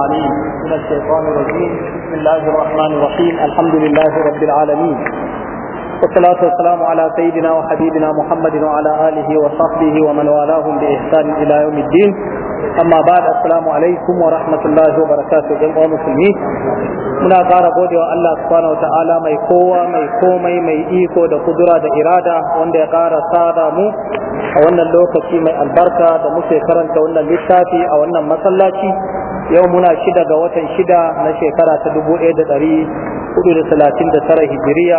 عليم من الشيطان الرجيم بسم الله الرحمن الرحيم الحمد لله رب العالمين والصلاة والسلام على سيدنا وحبيبنا محمد وعلى آله وصحبه ومن والاهم بإحسان إلى يوم الدين أما بعد السلام عليكم ورحمة الله وبركاته جميع المسلمين muna ƙara gode wa Allah subhanahu wa ta'ala mai kowa mai komai mai iko da kudura da irada wanda ya ƙara sada mu a wannan lokaci mai albarka da muke karanta wannan littafi a wannan masallaci yau muna shida ga watan shida na shekara ta dubu ɗaya da ɗari hudu da talatin da tara hijiriya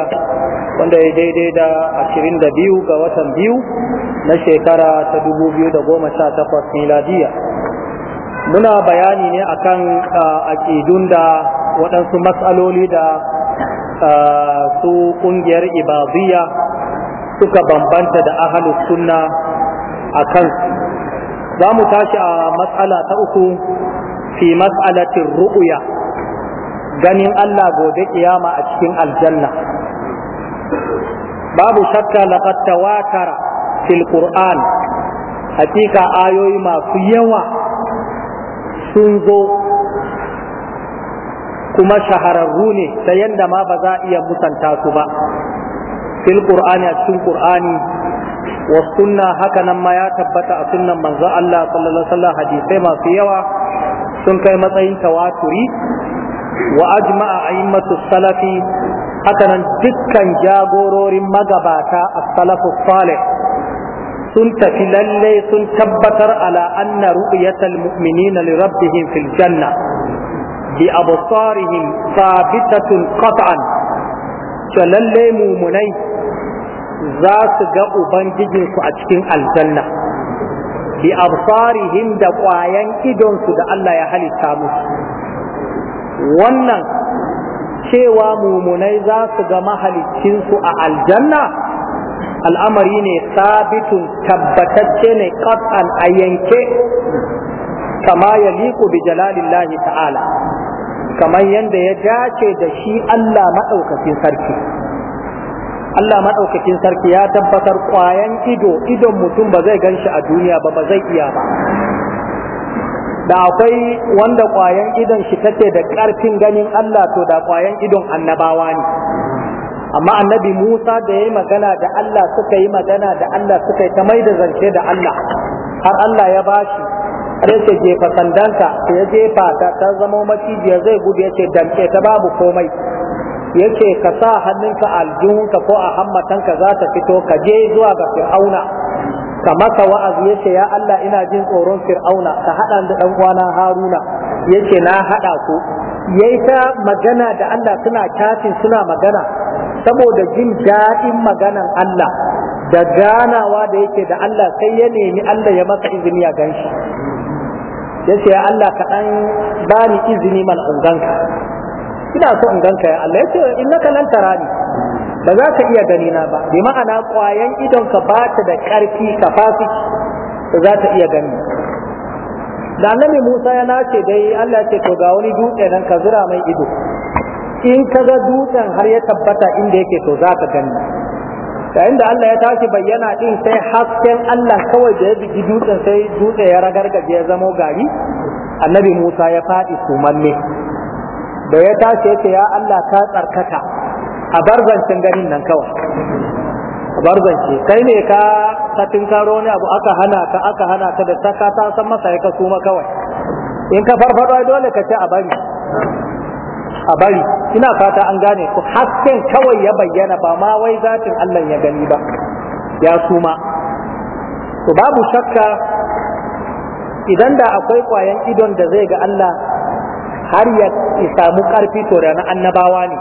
wanda ya daidai da ashirin da biyu ga watan biyu na shekara ta dubu biyu da goma sha takwas miladiya muna bayani ne a kan aƙidun da waɗansu matsaloli da su ƙungiyar ibadiyya suka bambanta da ahalus sunna a kansu za mu tashi a matsala ta uku fi mas'alatin ru'uya ganin Allah gobe kiyama a cikin aljanna babu shakka laqad tawatara fil hakika ayoyi masu yawa sun zo kuma shahararru ne ta yadda ma ba za a iya musanta su ba Filƙur'ani, qur'ani a cikin qur'ani wa ma ya tabbata a sunnan manzo Allah sallallahu alaihi hadisai masu yawa sun kai matsayin tawaturi wa ajma'a a'immatu salafi hakanan dukkan jagororin magabata a salafu salih sun tafi lalle sun tabbatar ala anna ru'yatal mu'minina li rabbihim fil janna bi absarihim sabitatun qat'an to lalle mumunai za su ga ubangijinsu a cikin aljanna bi absarihim da ƙwayan idonsu da Allah ya halitta musu wannan cewa mumunai za su ga mahalicinsu a aljanna al'amari ne sabitun tabbatacce ne ƙas'an a yanke kama ya bi jalalillahi ta'ala kamar yadda ya dace da shi Allah maɗaukakin sarki Allah maɗaukakin sarki ya tabbatar ƙwayan ido idon mutum ba zai gan shi a duniya ba ba zai iya ba da akwai wanda ƙwayan idon shi take da ƙarfin ganin Allah to da ƙwayan idon annabawa ne amma annabi Musa da ya yi magana da Allah suka yi magana da Allah suka yi ta mai da zance da Allah har Allah ya ba bashi rike jefa sandanka ya jefa ta ta maciji ya zai gudu ya ce damke ta babu komai yace ka sa hannunka aljihunka ko a hammatanka za ta fito ka je zuwa ga fir'auna ka masa wa'azi yace ya Allah ina jin tsoron fir'auna ka haɗa da dan uwana haruna yace na haɗa ku yayi ta magana da Allah suna kafin suna magana saboda jin daɗin maganan Allah da ganawa da yake da Allah sai ya nemi Allah ya masa izini ya ganshi yace ya Allah ka dan bani izini mal unganka ina so in ganka ya Allah yace innaka lan tarani ba za ka iya gani na ba bi ma'ana kwayan idon ka ba ta da karfi kafafi da za ta iya gani da annabi Musa ya nace dai Allah ce to ga wani dutse nan ka zura mai ido in ka ga dutsen har ya tabbata inda yake to za ka gani yayin da Allah ya tashi bayyana din sai hasken Allah kawai da ya bigi dutsen sai dutse ya ragargaje ya zamo gari annabi Musa ya faɗi sumalle da ya tashi yake ya Allah ka tsarkaka a barzancin garin nan kawai a kai ne ka satin karo ne abu aka hana ka aka hana ka da saka ta san masa ya ka suma kawai in ka farfado dole ka ce a bari a bari ina fata an gane ku hasken kawai ya bayyana ba ma wai zatin Allah ya gani ba ya suma to babu shakka idan da akwai kwayan idon da zai ga Allah har ya samu karfi to da na annabawa ne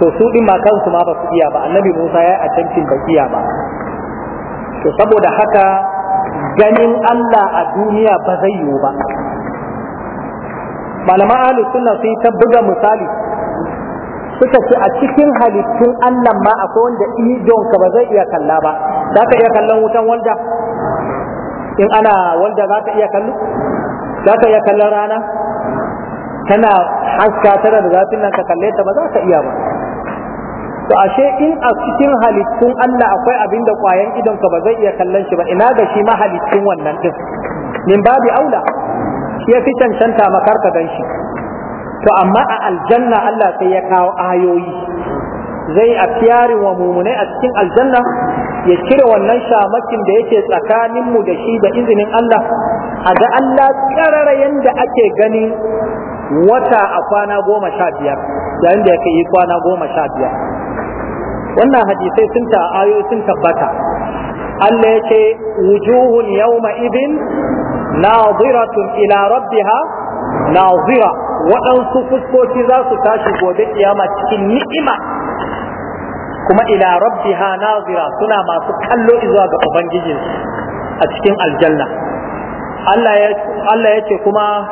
to su din ma kansu ma ba su iya ba annabi Musa ya yi cancin ba iya ba to saboda haka ganin Allah a duniya ba zai yiwu ba malaman ahli sunna sun ta buga misali suka ce a cikin halittun Allah ma akwai wanda idonka ba zai iya kalla ba za ka iya kallon wutan wanda in ana wanda za ka iya kallo za ka iya kallon rana tana haska tana da zafin nan ka kalle ta ba za ka iya ba to ashe in a cikin halittun Allah akwai abin da kwayan idon ka ba zai iya kallon shi ba ina ga shi ma halittun wannan din min babi aula shi ya fi cancanta makar ka gan shi to amma a aljanna Allah sai ya kawo ayoyi zai a fiyarin wa mumune a cikin aljanna ya cire wannan shamakin da yake tsakaninmu da shi da izinin Allah a ga Allah tsarara yanda ake gani wata a kwana goma sha biyar yayin da yake yi kwana goma sha biyar wannan hadisai sun ta ayo sun tabbata Allah ya ce wujuhun yawma idin naziratun ila rabbiha nazira waɗansu fuskoki za su tashi gobe kiyama cikin ni'ima kuma ila rabbiha nazira suna masu kallo zuwa ga ubangijinsu a cikin aljanna Allah ya ce kuma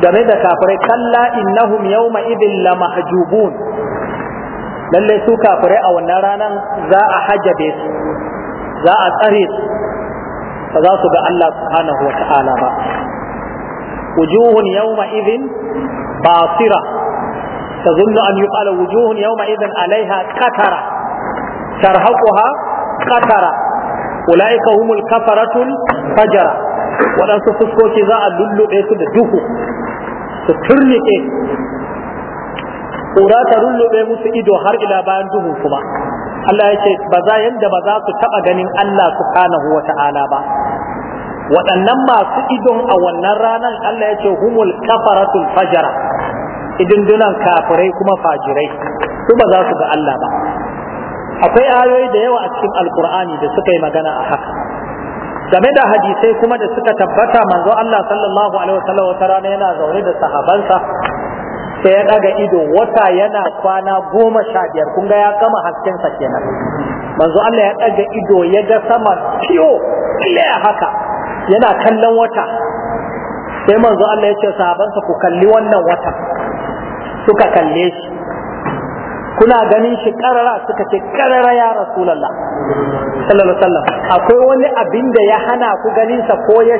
game da kafirai kalla innahum yawma idin la mahjubun lalle su kafirai a wannan ranan za a hajabe su za a tsare su ba za su ga Allah subhanahu wa ta'ala ba wujuhun yawma idin basira tazunnu an yuqala wujuhun yawma idin alaiha qatara tarhaquha qatara ulaika humul kafaratul fajara waɗansu fuskoki za a lulluɓe su da duhu su turnike ƙura ta lullube musu ido har ila bayan duhu kuma Allah ya ce ba za yadda ba za su taɓa ganin Allah subhanahu wa ta'ala ba waɗannan masu idon a wannan ranar Allah ya ce humul kafaratul fajara idindunan kafirai kuma fajirai su ba za su ga Allah ba akwai ayoyi da yawa a cikin alkur'ani da suka yi magana a haka game da hadisai kuma da suka tabbata manzo Allah sallallahu alaihi wasallam wata rana yana zaune da sahabansa sai ya daga ido wata yana kwana goma sha biyar kun ga ya kama gama sa kenan manzo Allah ya daga ido ya ga sama fiyo clear haka yana kallon wata sai manzo Allah ya ce sahabansa ku kalli wannan wata suka kalle shi kuna ganin shi karara suka ce karara ya rasulullah sallallahu alaihi wasallam akwai wani abin da ya hana ku ganin sa ko ya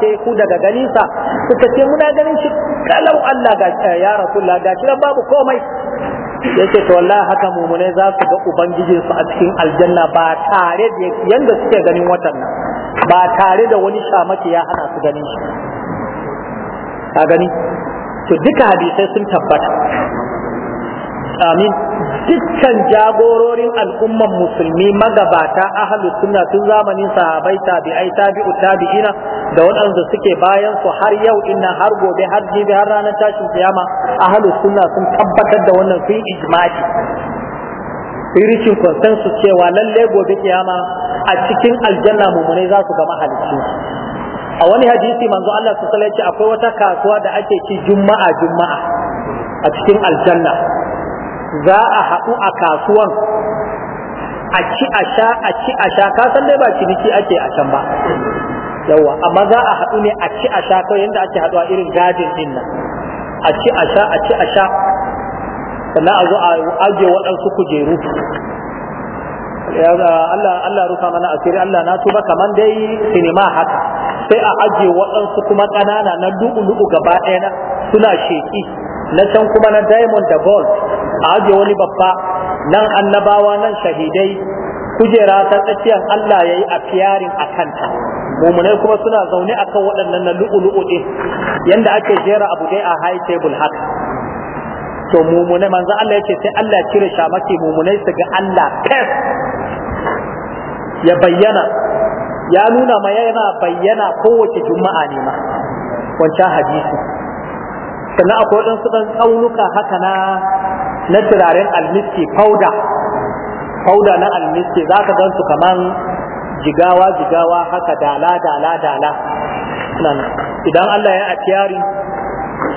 ke ku daga ganin sa suka ce muna ganin shi kalau Allah ga eh, ya rasulullah ga shi babu komai yace to wallahi haka mumune za su ga ubangijin su a cikin aljanna ba tare da yanda suke ganin watan nan ba tare da wani shamake ya hana su ganin shi ka gani to duka hadisai sun tabbata amin dukkan jagororin al'umman musulmi magabata ahlus sunna tun zamanin sahabai tabi'ai tabi'u tabi'ina da waɗanda suke bayan su har yau inna har gobe har jibi har ranar tashin kiyama ahlus sunna sun tabbatar da wannan sun ijma'i sun consensus cewa lalle gobe kiyama a cikin aljanna mummunai za su ga halittu. a wani hadisi manzo Allah su ce akwai wata kasuwa da ake ci juma'a juma'a a cikin aljanna za a haɗu a kasuwan a ci a sha a ci a sha Kasan dai ba ciniki ake a can ba yawa amma za a haɗu ne a ci a sha kawai yadda ake haɗuwa irin gadin din nan a ci a sha a ci a sha sannan a zo a ajiye waɗansu kujeru Allah Allah rufa mana asiri Allah na tuba kaman dai sinima haka sai a ajiye waɗansu kuma ƙanana na dubu dubu gaba ɗaya na suna sheki na can kuma na diamond da gold a aje wani babba nan annabawa nan shahidai kujera ta tsakiyar Allah ya yi a fiyarin a kanta mummunai kuma suna zaune a kan waɗannan na lu'ulu'u ɗin yadda ake jera abu dai a high table haka to mumunai manzo Allah ya ce sai Allah cire shamaki mummunai su ga Allah fes ya bayyana ya nuna ma yana bayyana kowace juma'a ne ma wancan hadisi sannan akwai waɗansu ɗan tsaunuka haka na na turaren almiski fauda fauda na almiski za ka gansu kamar jigawa jigawa haka dala dala dala idan Allah ya atiyari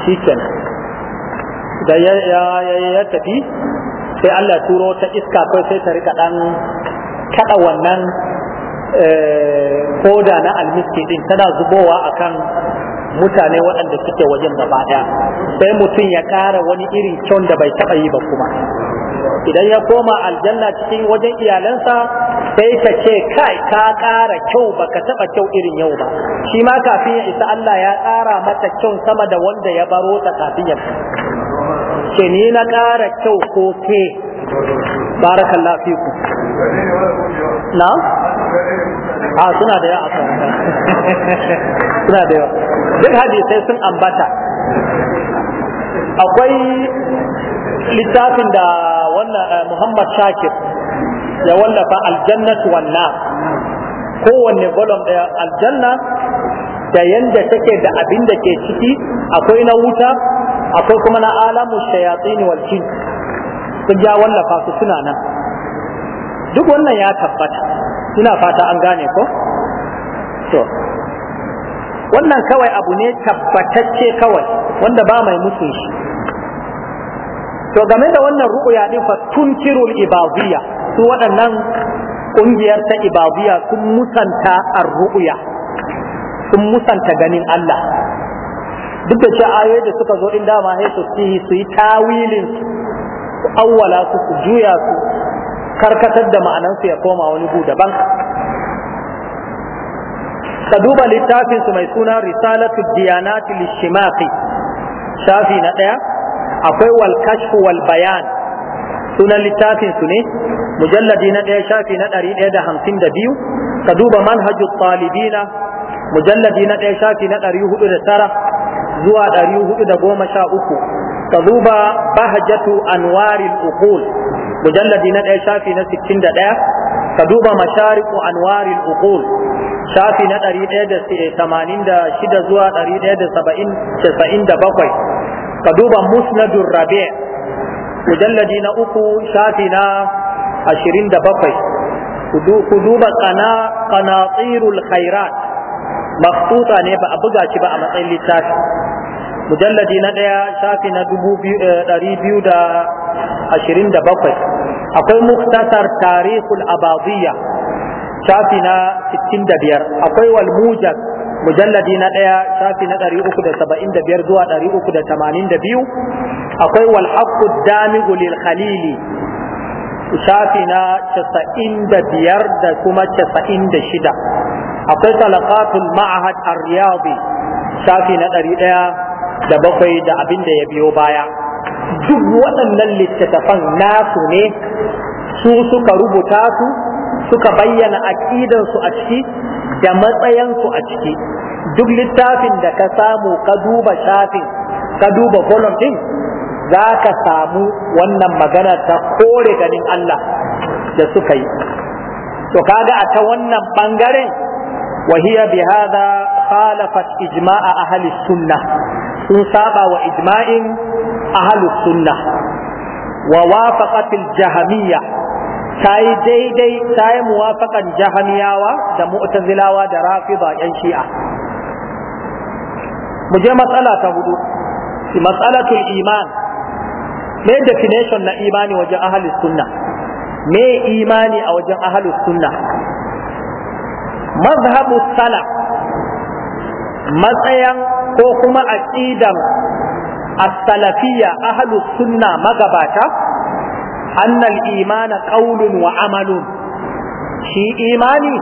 shi kenan da ya tafi sai Allah turo ta iska kai sai ta rika dan kada wannan koda eh, na almiski din tana zubowa akan mutane waɗanda suke wajen gaba ɗaya sai mutum ya ƙara wani irin kyon da bai taɓa yi ba kuma idan ya koma aljanna cikin wajen iyalansa sai ta ce kai ka ƙara kyau ba ka taɓa kyau irin yau ba shi ma kafin ya isa Allah ya ƙara mata kyau sama da wanda ya baro ta kafin ya ce ni na ƙara kyau ko ke barakallahu fiku na a ah, suna da ya a suna da yawa duk hadisai sun ambata akwai littafin da wannan eh, Muhammad Shakir ya wallafa aljannatu wannan kowanne volume ɗaya aljanna da yadda take da abin da ke ciki akwai na wuta akwai kuma na alamu shayatsi ne walci sun ja wallafa su suna nan duk wannan ya tabbata ina fata an gane ko wannan kawai abu ne tabbatacce kawai wanda ba mai musu shi to game da wannan ru'uya din fa tunkirul ibadiyya su waɗannan ƙungiyar ta ibadiyya sun musanta ar ru'uya, sun musanta ganin Allah duk da cewa ayoyi da suka zo din dama sai su su yi tawilin su awwala su su juya su karkatar da ma'anansu ya koma wani gu daban فدوبا للتافي ثم يكون رسالة الديانات للشماخي شافي نتيا أقوى الكشف والبيان سنة للتافي سنة مجلد نتيا شافي نتري إيدا هنسين دبيو فدوبا منهج الطالبين مجلد نتيا شافي نتري يهد رسالة زوى أريوه إذا قوم شاؤكو تذوب بهجة أنوار الأقول مجلد نتيا شافي نتيا تذوب مشارق أنوار الأقول shafi na 186 zuwa 197 ka duba musnadun rabi mujalladi na uku shafi na 27 ku duba kana qanatirul khairat maktuta ne ba a buga shi ba a matsayin littafi mujalladi na ɗaya shafi na 227 eh, akwai muktasar tarihul abadiyya shafi na 65 akwai walmujar mujalladi na ɗaya shafi na 375 zuwa 382 akwai wal haqqu damigu lil khalili shafi na 95 da kuma 96 akwai talaqatul ma'ahad ar-riyadi shafi na 100 da bakwai da abin da ya biyo baya duk waɗannan littattafan nasu ne su suka rubuta su suka bayyana aƙidansu a ciki da matsayansu a ciki duk littafin da ka samu ka duba shafin ka duba kolon din za ka samu wannan magana ta kore ganin Allah da suka yi to kaga a ta wannan bangaren wahiya bi hada khalafat ijma'a ahli sunna sun saba wa ijma'in ahli sunna wa wafaqat al-jahmiyya ta yi daidai ta yi muwafaƙan jahamiyawa da mu'tazilawa da rafida yan shi'a mu je matsala ta hudu matsalatul iman me definition na imani wajen ahalus sunna me imani a wajen ahalus sunna mazhabu salaf matsayan ko kuma aqidan as-salafiyya ahlus sunna magabata annal imanin qaulun wa amalun shi imani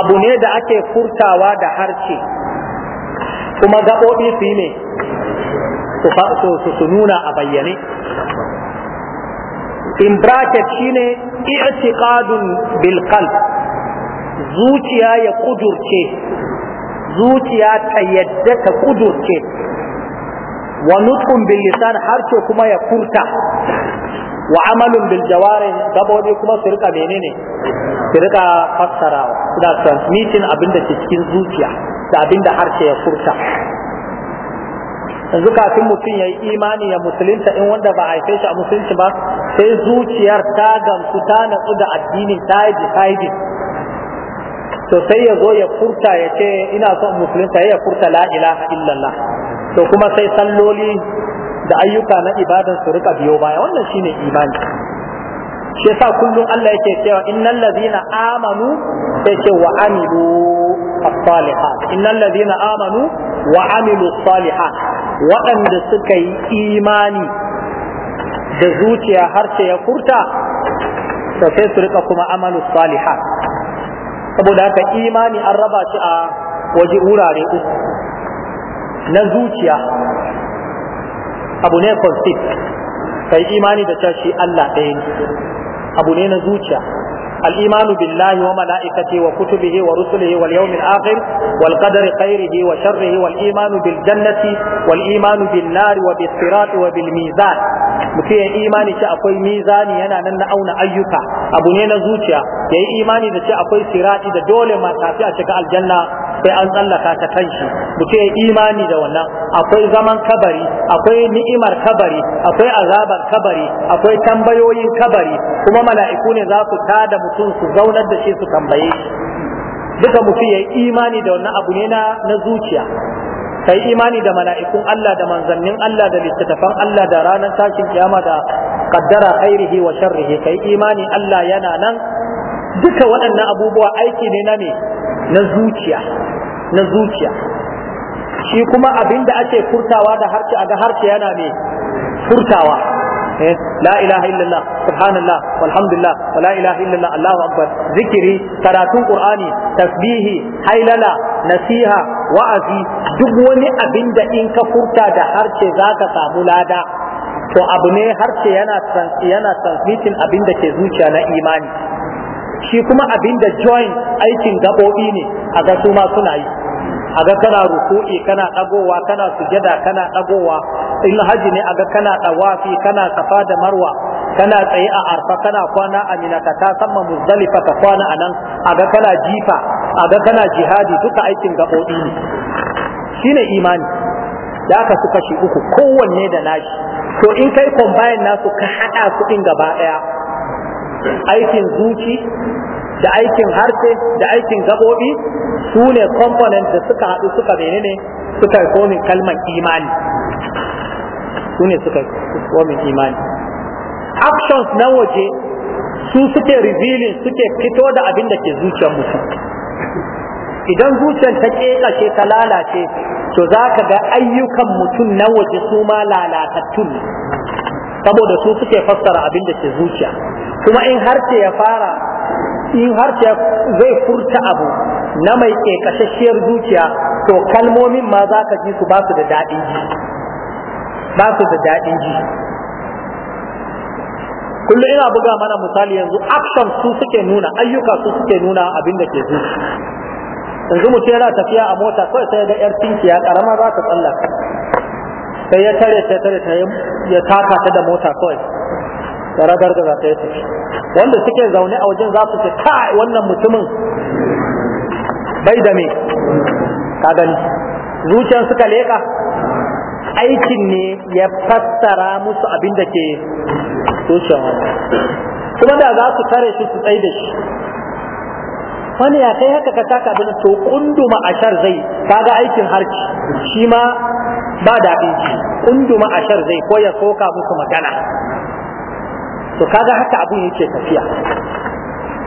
abu ne da ake furtawa da harce kuma gaɓoɓi su yi ne su nuna a bayyane in bracket shine i'tiqadun bil qalb zuciya ya kudurce zuciya ta yadda ta kudurce wa nutqun bil lisan kuma ya furta wa amalun bil jawarin gabobi kuma su rika menene su rika fassarawa suna transmitting abin da ke cikin zuciya da abin da harshe ya furta yanzu kafin mutum ya yi imani ya musulunta in wanda ba haife shi a musulunci ba sai zuciyar ta gamsu ta natsu da addinin ta yi decided to sai ya zo ya furta ya ce ina son musulunta ya furta la ilaha illallah to kuma sai salloli da ayyuka na ibadan su rika biyo baya wannan shine imani shi yasa kullum Allah yake cewa innal ladina amanu sai ce wa amilu as-salihat innal amanu wa amilu as-salihat waɗanda suka yi imani da zuciya har ya furta to sai su rika kuma amalu salihat saboda haka imani an raba shi a waje wurare uku na zuciya abu ne falsif kai imani da tashi Allah ɗaya ne abu ne na zuciya al'imanu billahi wa mala'ikati wa kutubihi wa rusulihi wal yawmil akhir wal qadari khairihi sharrihi wal imanu bil jannati wal imanu bin nari wa bis sirati wa bil mizan mutiya imani ce akwai mizani yana nan na auna ayyuka abu ne na zuciya yayi imani da ce akwai sirati da dole ma a cikin aljanna sai an tsallaka ta kanshi mutum ya imani da wannan akwai zaman kabari akwai ni'imar kabari akwai azabar kabari akwai tambayoyin kabari kuma mala'iku ne za su tada mutum su zaunar da shi su tambaye shi duka mutum ya imani da wannan abu ne na zuciya kai imani da mala'ikun Allah da manzannin Allah da littattafan Allah da ranar tashin kiyama da kaddara khairihi wa sharrihi kai imani Allah yana nan duka waɗannan abubuwa aiki ne na ne na zuciya na zuciya shi kuma abin da ake furtawa da harshe a ga harshe yana ne furtawa eh, la ilaha illallah subhanallah walhamdulillah wala ilaha illallah allahu akbar zikiri karatun Ƙur'ani, tasbihi hailala nasiha wa'azi duk wani abin da in ka furta da harshe zaka samu lada to abu ne harshe yana yana transmitting abin da ke zuciya na imani shi kuma abin da join aikin gaɓoɓi ne a ga su ma suna yi a ga kana ruku'i kana ɗagowa kana sujada kana ɗagowa in haji ne a ga kana ɗawafi kana safa da marwa kana tsaye a arfa kana kwana a minaka ta samma muzdalifa ka kwana a nan a ga kana jifa a ga kana jihadi duka aikin gaɓoɓi ne shine imani da aka su kashi uku kowanne da nashi to in kai combine nasu ka haɗa su in gaba ɗaya aikin zuci da aikin harshe da aikin gabobi su ne component da suka haɗu suka ne suka komi kalmar imani su ne suka komi imani actions na waje su suke revealing suke fito da abin da ke zuciyar mutum idan zuciyar ta kekashe ta lalace to za ka ga ayyukan mutum na waje su ma lalatattun saboda su suke fassara abin da ke zuciya kuma in harce ya fara in harce zai furta abu na mai ƙeƙashashiyar zuciya to kalmomin ma za ka ji su ba su da daɗin ji ba su da daɗin ji kullum ina buga mana misali yanzu action su suke nuna ayyuka su suke nuna abin da ke zuci yanzu mutum yana tafiya a mota kawai sai da yar tinkiya karama za ta tsallaka sai ya tare ta tare ta ya taka ta da mota kawai da radar da za ta yi tafi wanda suke zaune a wajen za su ce kai wannan mutumin bai da me ka gani zuciyar suka leƙa aikin ne ya fassara musu abin da ke zuciyar kuma da za su tare shi su tsaye da shi wani ya kai haka ka taka abin to kunduma ashar zai kaga aikin harci shi ma ba daɗin shi kunduma ashar zai ko ya soka musu magana to kaga haka abin yake tafiya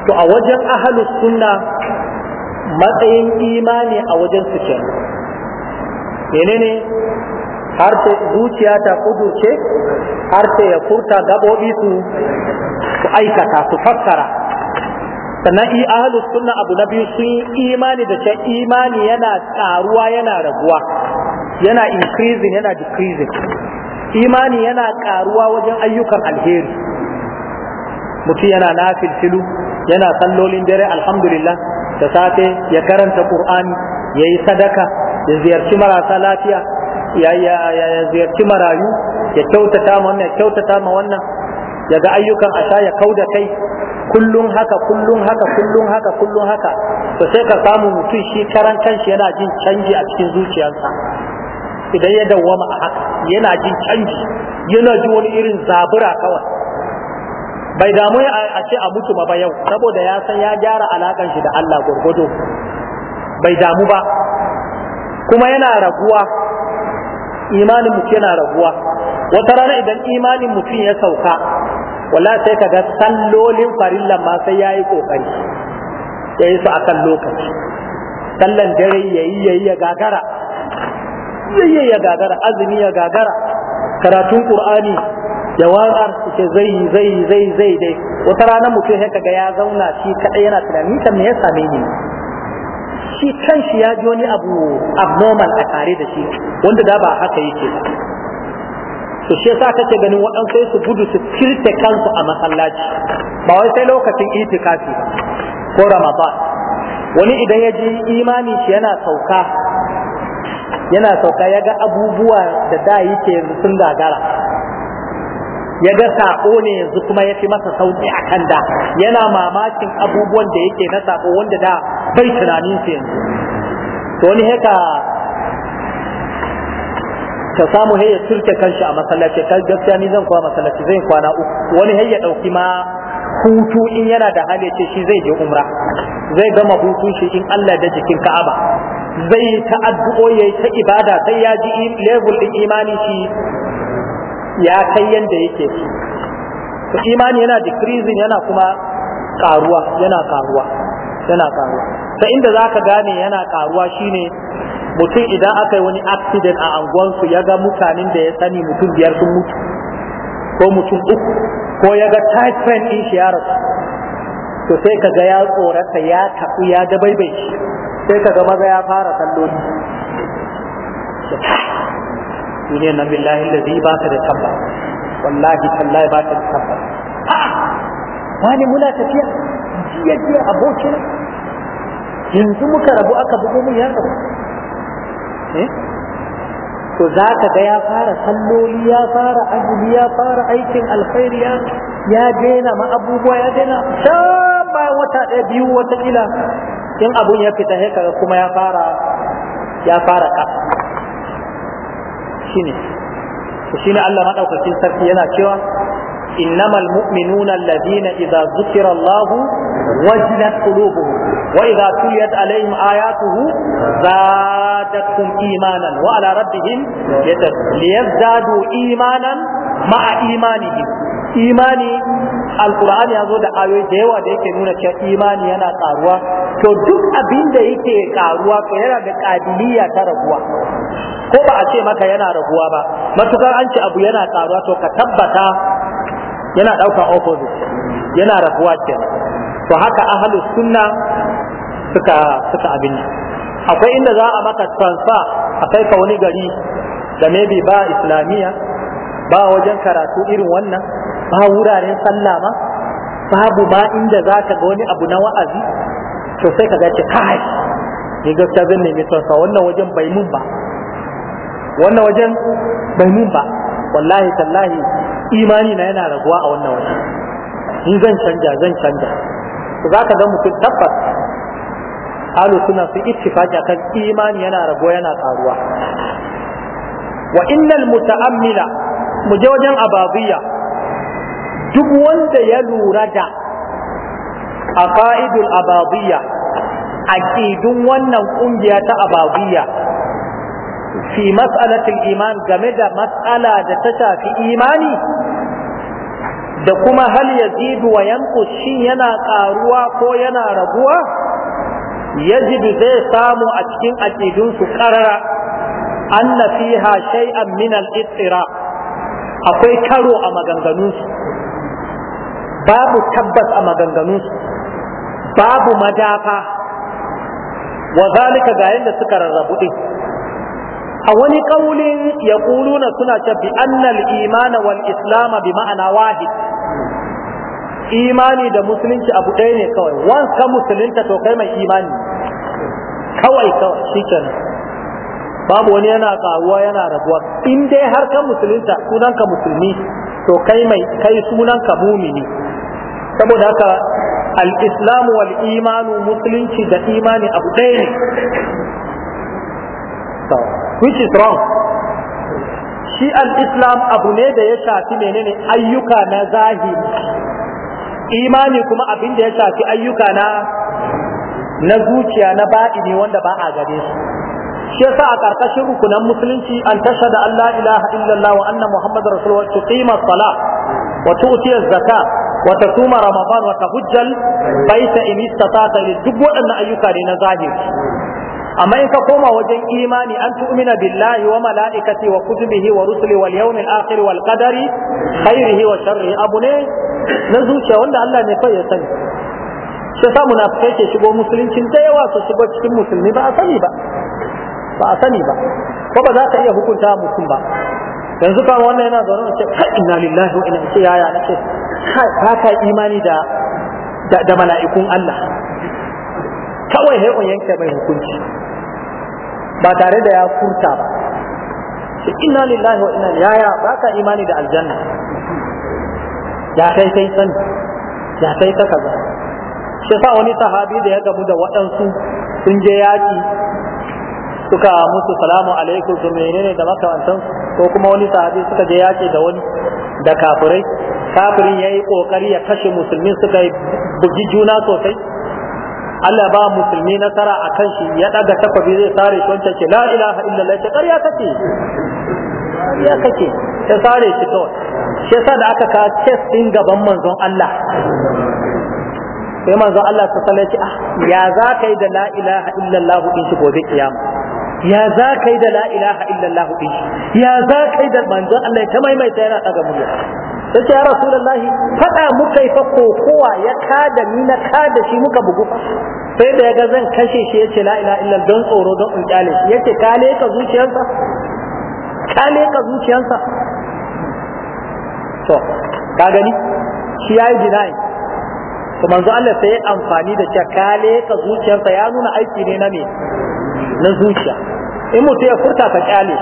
to a wajen ahalus sunna matsayin imani a wajen su kenan menene har ta zuciya ta kudurce har ta ya furta gabobi su su aikata su fassara sannan i ahalus sunna abu na biyu sun yi imani da ce imani yana karuwa yana raguwa yana increasing yana decreasing imani yana karuwa wajen ayyukan alheri mutum yana nafilfilu yana sallolin dare alhamdulillah da safe ya karanta qur'ani ya yi sadaka ya ziyarci marasa lafiya ya ziyarci marayu ya kyautata ma wannan ya kyautata ma wannan ya ga ayyukan asha ya kauda kai kullum haka kullum haka kullum haka kullum haka to sai ka samu mutum shi karan kanshi yana jin canji a cikin zuciyarsa idan ya dawwama a haka yana jin canji yana ji wani irin zabura kawai bai damu a ce a mutu ba yau saboda ya san ya gyara alakan shi da Allah gurgudu bai damu ba kuma yana raguwa imanin mutum yana raguwa wata rana idan imanin mutum ya sauka wala sai ka ga sallolin farillan ma sai yayi kokari ya yi su akan lokaci sallan dare yayi yayi ya gagara yayi ya gagara azumi ya gagara karatun qur'ani da waƙar suke zai zai zai zai dai wata rana mutum ya kaga ya zauna shi kaɗai yana tunani kan me ya same ni shi kanshi ya ji wani abu abnormal a tare da shi wanda da ba haka yake ba to shi yasa kake ganin waɗansu su gudu su kirke kansu a masallaci ba wai sai lokacin itikafi ba ko ramadan wani idan ya ji imani shi yana sauka yana sauka ya ga abubuwa da da yake yanzu sun gagara ya ga sako ne yanzu kuma ya fi masa sauki a kan da yana mamakin abubuwan da yake na sako wanda da bai tunanin shi yanzu to wani haka ka samu hayya turke kanshi a masallaci kan gaskiya ni zan kwa masallaci zai kwana uku wani hayya dauki ma hutu in yana da hali ce shi zai je umra zai gama hutun shi in Allah da jikin Ka'aba zai ta addu'o yayi ta ibada sai ya ji level din imani shi ya kai yanda yake so to imani yana decreasing yana kuma karuwa yana karuwa yana karuwa ta inda zaka gane yana karuwa shine mutum idan aka yi wani accident a anguwansu ya ga mutanen da ya sani mutum biyar sun mutu ko mutum uku ko ya ga typhoid din shi ya rasu to sai ka ga ya tsorata ya tafi ya dabaibai sai ka ga maza ya fara kalloli ne na billahi allazi ba ta da tabbas wallahi tallahi ba ta da tabbas Ha, wani muna tafiya jiya jiya abokin yanzu muka rabu aka bugu mu ya rabu eh? to za ka ga ya fara salloli ya fara azumi ya fara aikin alkhairi ya daina ma abubuwa ya daina can bayan wata ɗaya biyu wata kila in abun ya fita sai kuma ya fara ya fara ƙasa shine Allah madaukakin sarki yana cewa innamal mu'minuna alladhina idza dhukira Allah wajilat qulubuhum wa idza tuliyat alaihim ayatuhu zadatkum imanan wa ala rabbihim liyazdadu imanan ma'a imani alqur'ani yazo da ayoyi da yawa da yake nuna cewa imani yana karuwa to duk abin da yake karuwa to yana da qabiliya ta raguwa ko ba a ce maka yana raguwa ba matukar an ce abu yana karuwa to ka tabbata yana ɗauka opposite yana rafuwa kenan to haka ahalu sunna suka suka abin akwai inda za a maka transfer a kai ka wani gari da maybe ba islamiyya ba wajen karatu irin wannan ba wuraren sallah ma babu ba inda za ka ga wani abu na wa'azi to sai ka ga ce kai ni gaskiya zan nemi transfer wannan wajen bai mun ba wannan wajen bai mun ba wallahi tallahi imani na yana raguwa a wannan wajen ni zan canja zan canja to ka ga mutum tabbas alu suna su ittifaqi akan imani yana raguwa yana karuwa wa innal muta'ammila mu je wajen ababiyya duk wanda ya lura da aqaidul ababiyya aqidun wannan kungiya ta ababiyya fi mas'alatin iman game da matsala da ta shafi imani da kuma hal yazidu wa yanqus shin yana ƙaruwa ko yana raguwa yajibu zai samu a cikin aqidun su An anna fiha shay'an min akwai karo a maganganunsu, babu tabbas a maganganunsu, babu madafa wa zalika ga yadda suka rarrabu ɗin? a wani ƙaunin ya ƙuluna suna ce bi annal imana wal islama bi ma'ana wahid imani da musulunci abu ɗaya ne kawai wanka musulunta to kai mai imani kawai kawai shi babu wani yana karuwa yana rabuwa in dai har ka musulunta sunanka musulmi to kai mai kai sunanka mumini saboda haka al-islam wal imanu musulunci da imani abu ɗaya ne which is wrong shi al-islam abu ne da ya shafi menene ayyuka na zahiri imani kuma abin da ya shafi ayyuka na na zuciya na baɗini wanda ba a gare su shi yasa a ƙarƙashin rukunan musulunci an tasha da Allah ilaha illallah wa anna muhammad rasulullah wa tuqima salat wa tu'tiya zakat wa tasuma ramadan wa tahujjal baita in istata duk waɗannan ayyuka ne na zahiri amma in ka koma wajen imani an tu'mina billahi wa mala'ikati wa kutubihi wa rusuli wal yawmil akhir wal qadari khairihi wa sharrihi abu ne na zuciya wanda Allah ne kai ya sani sai sa munafikai ke shigo musuluncin da yawa su shigo cikin musulmi ba a sani ba ba a sani ba ko ba za ka iya hukunta mutum ba yanzu kama wannan yana zaune a ce kai inna lillahi wa inna ilaihi yaya na ce ka ka imani da da mala'ikun Allah kawai haikon yanke mai hukunci ba tare da ya furta ba shi inna lillahi wa inna ilaihi yaya ba ka imani da aljanna ya kai kai sani ya kai ta kaza shi sa wani sahabi da ya gabu da waɗansu sun je yaƙi suka musu salamu alaikum to menene da makamantan ko kuma wani sahabi suka je yaƙi da wani da kafirai kafirin yayi kokari ya kashe musulmin suka bugi juna sosai Allah ba musulmi nasara a kan shi ya ɗaga takwabi zai sare shi wancan ce la ilaha illallah ce ƙarya kake ƙarya kake ta sare shi to shi yasa da aka kawo test din gaban manzon Allah sai manzon Allah ta sanar ce ah ya za ka yi da la ilaha illallah in shi gobe kiyama ya za ka yi da la'ilaha illallahu illallah din ya za ka yi da manzon Allah ta maimaita yana daga murya sai ce ya rasu rasulullahi faɗa muka yi fa kokowa ya ka da ni na kada shi muka bugu sai da ya ga zan kashe shi ya ce la ilaha illallah don tsoro don in kyale shi ya ce kale ka zuciyarsa kale ka zuciyarsa to ka gani shi yi jinai to manzo Allah sai amfani da cewa kale ka zuciyarsa ya nuna aiki ne na me na zuciya in mutum ya furta ka kyale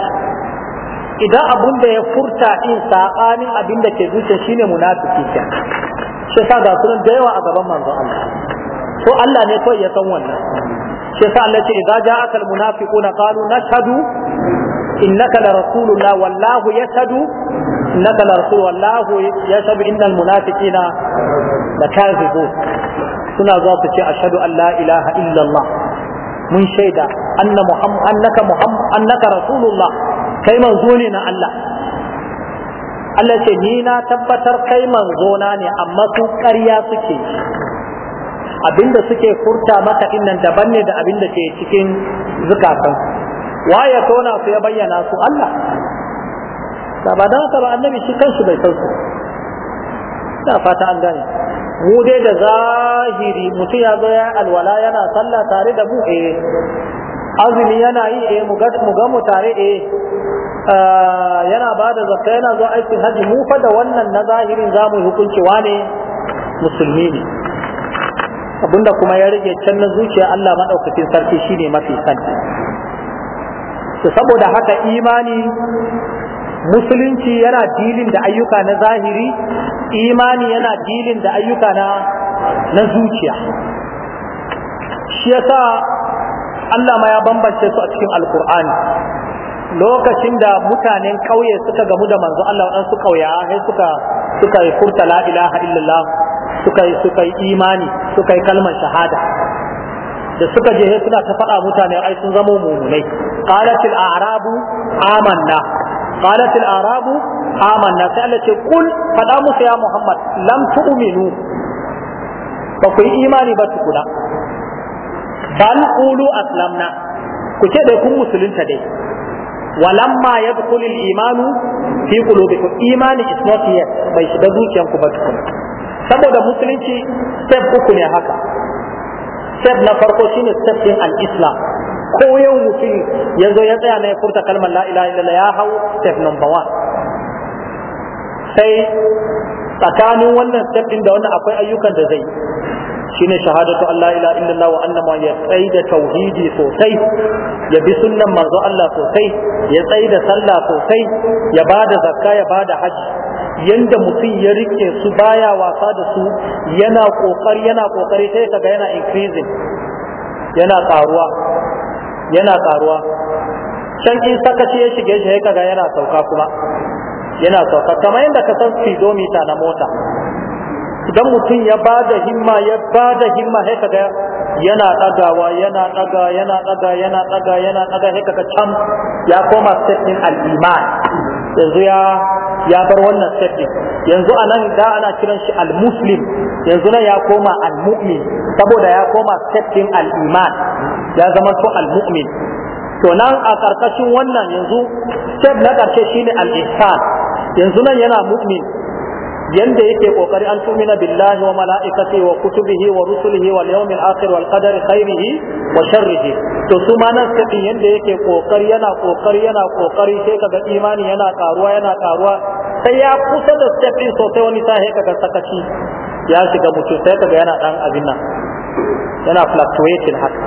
idan abun da ya furta din sabanin abin da ke zuciya shine munafiki ke shi sa ga sunan da yawa a gaban manzon Allah to Allah ne kawai ya san wannan shi sa Allah ce idan ja'aka almunafiquna qalu nashhadu innaka la rasulullah wallahu yashhadu innaka la rasul wallahu yashhadu innal munafiqina lakazibun suna zuwa su ce ashhadu an la ilaha illallah mun shaida anna muhammad annaka muhammad annaka rasulullah kai manzo ne na Allah Allah ce ni na tabbatar kai manzo na ne amma su ƙarya suke abinda suke furta maka innan daban ne da abinda ke cikin zukatan waye tona su ya bayyana su Allah da ba dan haka ba annabi shi kansu bai sauka da fata an gane mu dai da zahiri mutum ya zo ya alwala yana sallah tare da mu eh azumi yana yi eh mu ga mu tare eh ah, yana ba da zakka yana zo aikin haji mu fa da wannan na zahirin za hukunci wane musulmi ne abinda kuma ya rage can na zuciya Allah maɗaukakin sarki shine mafi santi saboda haka imani musulunci yana dilin da ayyuka na zahiri imani yana dilin da ayyuka na zuciya shi yasa Allah ma ya bambance su a cikin alkur'ani lokacin da mutanen kauye suka gamu da manzo Allah waɗansu kauya sai suka suka yi furta la ilaha illallah suka yi suka yi imani suka yi kalmar shahada da suka je suna ta faɗa mutane ai sun zama mumunai qalatil a'rabu amanna qalat al arabu amanna sai Allah ce kul faɗa musu ya Muhammad lam tu'minu ba imani ba tukuna bal qulu aslamna ku ce dai kun musulunta dai walamma yadkhul al imanu fi qulubikum imani is not yet bai shiga zuciyanku saboda musulunci step uku ne haka step na farko shine step ɗin al islam ko yau mutum ya zo ya tsaya na ya furta kalmar la ilaha illallah ya hau step number one sai tsakanin wannan step din da wannan akwai ayyukan da zai shine shahadatu Allah ila illallah wa anna ma ya da tauhidi sosai ya bi sunnan manzo Allah sosai ya tsaida sallah sosai ya bada zakka ya bada haji yanda mutum ya rike su baya wasa da su yana kokari yana kokari sai kaga yana increasing yana karuwa yana karuwa can in sakaci ya shige shi ya kaga yana sauka kuma yana sauka kamar yadda ka san speedometer na mota idan mutum ya ba da himma ya ba da himma sai kaga yana ɗagawa yana ɗaga yana ɗaga yana ɗaga yana ɗaga sai kaga can ya koma step din al-iman yanzu ya ya bar wannan step yanzu a nan da ana kiran shi al-muslim yanzu na ya koma al-mu'min saboda ya koma step al-iman ya zama to al-mu'min to nan a karkashin wannan yanzu step na karshe shine al-ihsan yanzu nan yana mu'min yanda yake kokari an tumina billahi wa mala'ikati wa kutubihi wa rusulihi wal yawmil akhir wal qadari khairihi wa sharrihi to su ma nan sai yanda yake kokari yana kokari yana kokari sai kaga imani yana karuwa yana karuwa sai ya kusa da step sosai wani sai kaga sakaci ya shiga mutu sai kaga yana dan abin nan yana fluctuating haka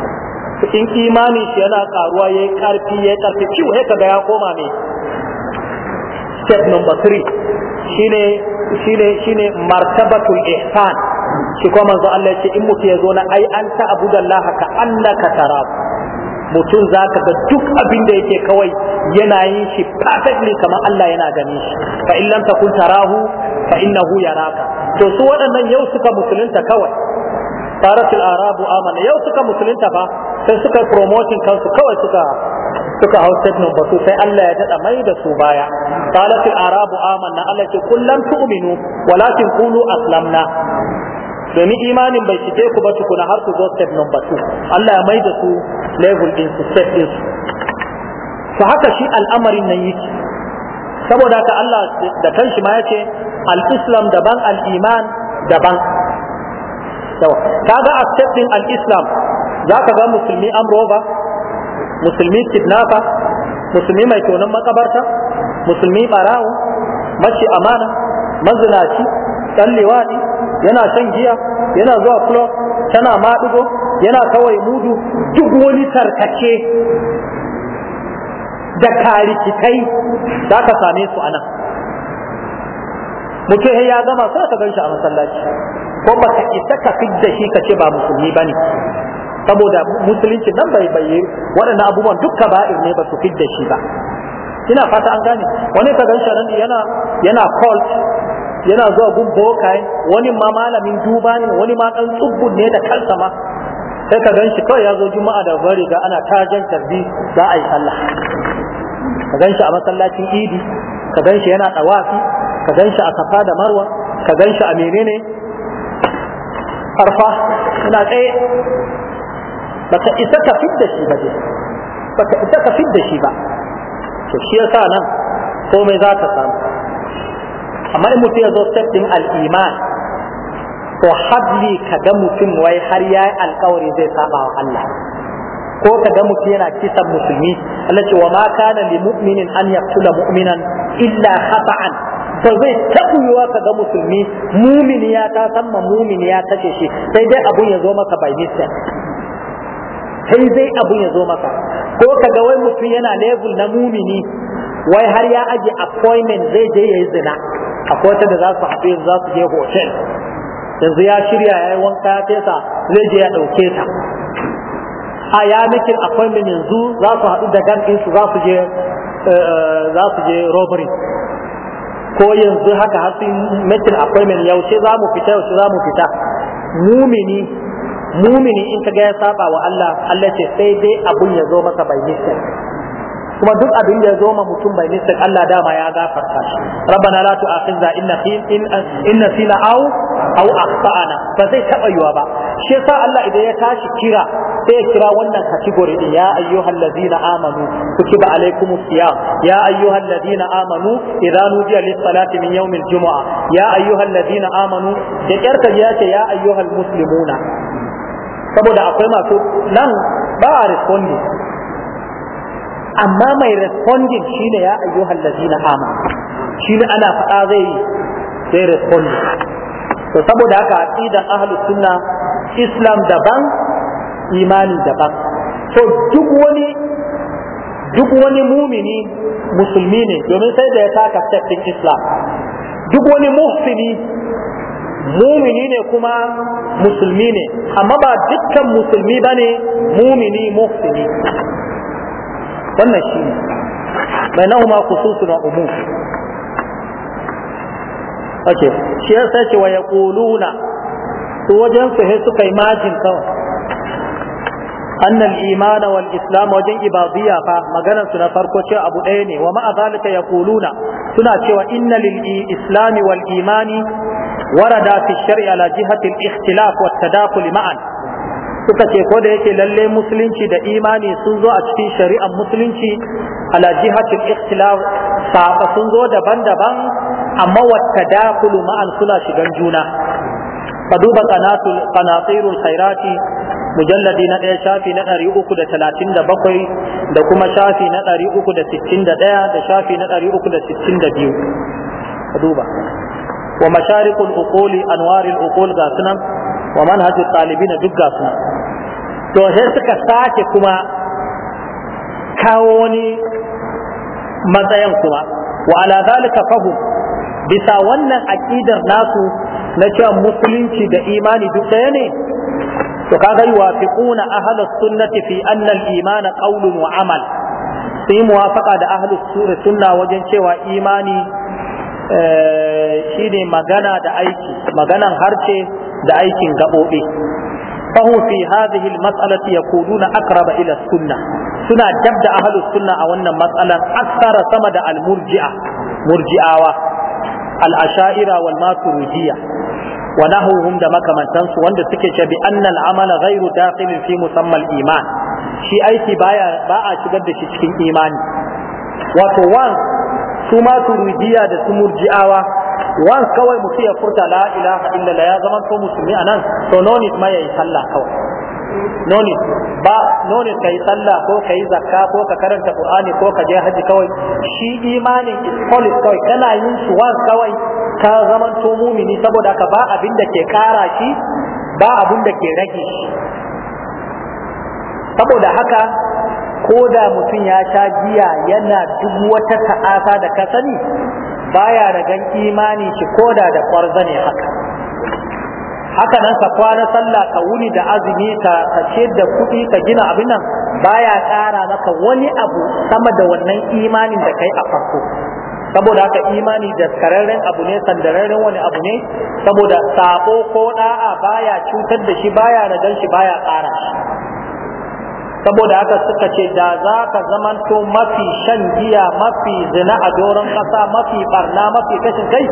in imani shi yana karuwa yayi karfi yayi karfi ciwo sai kaga ya koma ne step number 3 shine shine shine martabatul ihsan shi kuma manzo Allah yace in mutum ya zo na ai an ta abudallaha ka annaka tara mutum zaka ga duk abin da yake kawai yana yin shi perfectly kamar Allah yana ganin shi fa in lam takun tarahu fa innahu yaraka to su waɗannan yau suka musulunta kawai faratul arabu amana yau suka musulunta fa sai suka promoting kansu kawai suka suka hau statement ba su sai Allah ya daɗa mai da su baya qalat al arabu amanna Allah ce kullam tu'minu walakin qulu aslamna domin imanin bai shige ku ba tukuna har su zo step number 2 Allah ya mai da su level din su step din su to haka shi al'amarin nan yake saboda ka Allah da kanshi ma yace al-islam daban al-iman daban yawa kaga a step din al-islam ka ga musulmi amroba musulmi kidnafa musulmi mai tonon makabarta musulmi barawo mace amana mazinaci dan liwadi yana shan giya yana zuwa club tana maɗigo yana kawai mudu duk wani tarkace da karikitai za ka same su anan mu ce ya gama sai ka gan a masallaci ko baka ka isa ka fidda shi ka ba musulmi ba ne saboda musulunci nan bai bayi waɗannan abubuwan dukka kaba'ir ne ba su fidda shi ba ina fata an gane wani ka gan sharan yana yana cult yana zuwa gun bokai wani ma malamin duba ne wani ma dan tsubbu ne da kansa ma sai ka gan shi kawai ya zo juma'a da bari ga ana tajan tarbi za a yi sallah ka gan shi a masallacin idi ka gan shi yana tawafi ka gan shi a safa da marwa ka gan shi a menene arfa ina tsaye baka isa ka fidda shi ba baka isa ka fidda shi ba to shi yasa nan komai za ka samu amma in mutum ya zo step din al-iman to hadli ka ga mutum wai har ya yi alkawari zai saba wa Allah ko ka ga mutum yana kisan musulmi Allah ce wa ma kana li mu'minin an yaqtula mu'minan illa khata'an ba zai taɓa yiwa ka ga musulmi mumini ya ta san ma ya kace shi sai dai abun ya zo maka by mistake sai zai abun ya zo maka ko kaga wai mutum yana level na mumini wai har ya aje appointment zai je ya yi zina a wata da za su haɗu za su je hotel yanzu ya shirya ya yi wanka ya fesa zai je ya ɗauke ta a ya mikin appointment yanzu za su haɗu da gan za su je eh, za su je robbery ko yanzu haka har sun mikin appointment yaushe za mu fita yaushe za mu fita mumini mumini in kaga ya saba wa Allah Allah ce sai dai abun ya zo masa bai kuma duk abin da ya zo ma mutum bai nisan Allah dama ya gafarta shi rabbana la tu'akhidna in in nasina aw aw akhtana ba zai taba yiwa ba shi yasa Allah idan ya tashi kira sai ya kira wannan category din ya ayyuhal ladina amanu kutiba alaikumus siyam ya ayyuhal ladina amanu idza nudiya lis salati min yawmil jumu'a ya ayyuhal ladina amanu da kyarta ya ce ya ayyuhal muslimuna saboda akwai masu nan ba a responding amma mai responding shine ya ayyuhal ladina amanu shine ana faɗa zai zai responding to saboda haka aqidan ahlus sunna islam daban imani daban to duk wani duk wani mumini musulmi ne domin sai da ya taka step islam duk wani muhsini mumini ne kuma musulmi ne amma ba dukkan musulmi ba ne mumini muhsini wannan shi ne bai na huma kususu umu ok shi yasa ce wa ya kuluna su wajen su he suka yi majin kawai annal imana wal islam wajen ibadiyya fa maganar su na farko ce abu ɗaya ne wa ma'a zalika ya kuluna suna cewa inna lil islami wal imani warada fi shar'i ala jihati al-ikhtilaf wa ma'an suka ce ko da yake lalle musulunci da imani sun zo a cikin shari'ar musulunci ala jihati al-ikhtilaf saba sun zo daban-daban amma wa tadakul ma'an suna shigan juna ka duba qanatul qanatirul khairati mujalladi na ɗaya shafi na ɗari uku da talatin da bakwai da kuma shafi na ɗari uku da sittin da ɗaya da shafi na ɗari uku da sittin da biyu duba wa masharikul uquli anwaril uqul ga sunan wa manhajul talibina duk ga to sai suka sake kuma kawo wani matsayin kuma wa ala zalika bisa wannan aƙidar nasu na cewa musulunci da imani duk ɗaya ne to kaga yuwafiquna ahlus sunnati fi anna al-iman qawlun wa amal sai muwafaqa da ahlus sunna wajen cewa imani eh, Eh, shine magana da aiki maganan harshe da aikin gaɓoɓe. fahu fi hadhihi almas'alati yaquluna aqraba ila sunnah suna dabda ahlus sunnah a wannan matsalar aksara sama da almurji'a murji'awa al'asha'ira wal maturidiya wa nahuhum da makamantansu wanda suke ce bi annal amala ghairu dakhilin fi musammal iman shi aiki baya ba a shigar da shi cikin imani wato wan su maturidiya da su murji'awa wan kawai mutum ya furta la ilaha illallah ya zama to musulmi anan to noni need ma yayi sallah kawai noni ba noni kai sallah ko kai zakka ko ka karanta qur'ani ko ka je haji kawai shi imanin is kawai kana yin shi wan kawai ka zama to mumini saboda ka ba abin da ke kara shi ba abin da ke rage shi saboda haka ko da mutum ya sha giya yana duk wata ta'asa da ka sani baya gan imani shi koda da kwarza ne haka haka nan ka kwana sallah ka wuni da azumi ka kace da kuɗi ka gina abin nan baya ƙara maka wani abu sama da wannan imanin da kai a farko saboda haka imani da kararren abu ne sandararren wani abu ne saboda sabo ko da'a baya cutar da shi baya ragan shi baya ƙara shi saboda haka suka ce da za ka zamanto mafi shan giya mafi zina a doron ƙasa mafi barna mafi kashin kai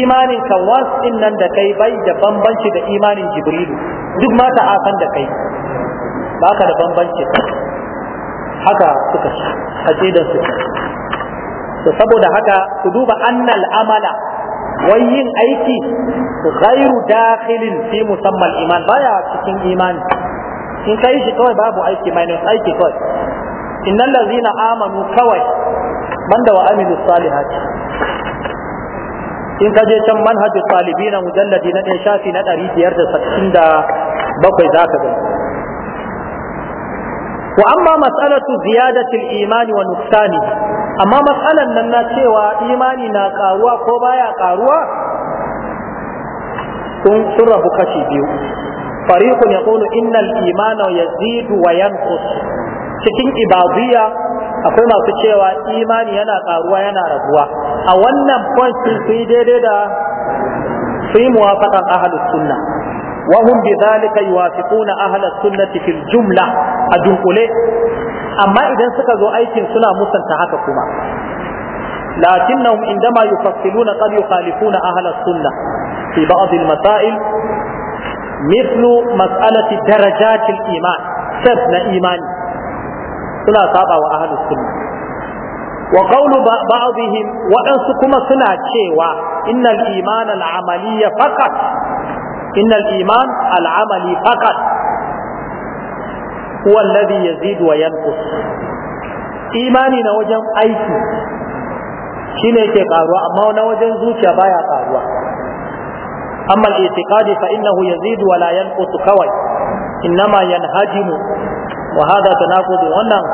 imanin ka wasu din nan da kai bai da bambanci da imanin jibrilu duk mata a san da kai ba ka da bambanci haka suka a aqidan su to saboda haka ku duba annal amala wai yin aiki ghairu dakhilin fi musammal iman baya cikin imani in kai shi kawai babu aiki minus aiki kawai innal ladzina amanu kawai banda wa amilu salihati in ka je can manhaj talibina mujalladi na ɗaya shafi na ɗari biyar da sittin da bakwai za ka gani wa amma mas'alatu ziyadatil imani wa nuqsani amma mas'alan nan na cewa imani na karuwa ko baya karuwa sun rabu kashi biyu fariqun yaqulu innal imana yazidu wa yanqus cikin ibadiyya akwai masu cewa imani yana karuwa yana raguwa a wannan point sun yi daidai da su yi muwafaqan ahlus sunna wa hum bidhalika yuwafiquna ahlus sunnati fil jumla a dunkule amma idan suka zo aikin suna musanta haka kuma lakinnahum indama yufassiluna qad yukhalifuna ahlus sunna fi ba'd al masail mislu mas'alati darajatil iman sab na imani suna saba wa ahlus sunna wa qawlu waɗansu kuma suna cewa innal iman al amaliyya faqat innal iman al amali faqat huwa alladhi yazid wa yanqus imani na wajen aiki shine yake karuwa amma na wajen zuciya baya karuwa أما الاعتقاد فإنه يزيد ولا ينقص كوي إنما ينهجم وهذا تناقض wannan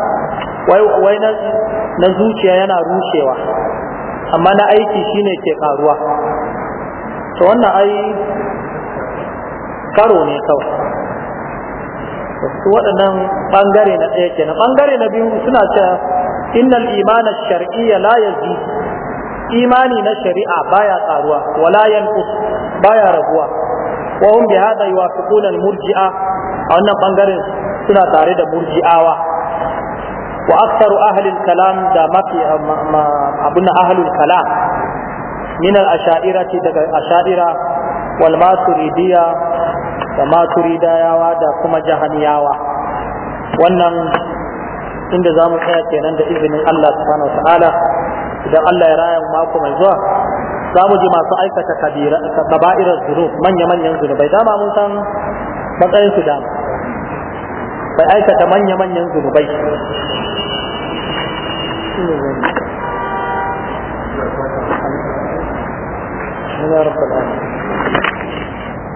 wai na zuciya yana rushewa amma na aiki shine ke karuwa to wannan ai karo ne kawai su waɗannan ɓangare na ɗaya kenan ɓangare na biyu suna cewa innal imana shar'iyya la yazid imani na shari'a baya karuwa wala yanqus baya rabuwa wa hum bihadha yuwafiquna al-murji'a a wannan bangaren suna tare da murji'awa wa aktsaru ahli kalam da mafi abuna ahli al-kalam min al-asha'irati daga asha'ira wal maturidiyya da maturidayawa da kuma jahaniyawa wannan inda za mu tsaya kenan da izinin Allah subhanahu wa ta'ala idan Allah ya raya mako mai zuwa za mu ji masu aikata kaba'irar zunub manya-manyan zunubai dama mun san matsayin su dama bai aikata manya-manyan zunubai bai.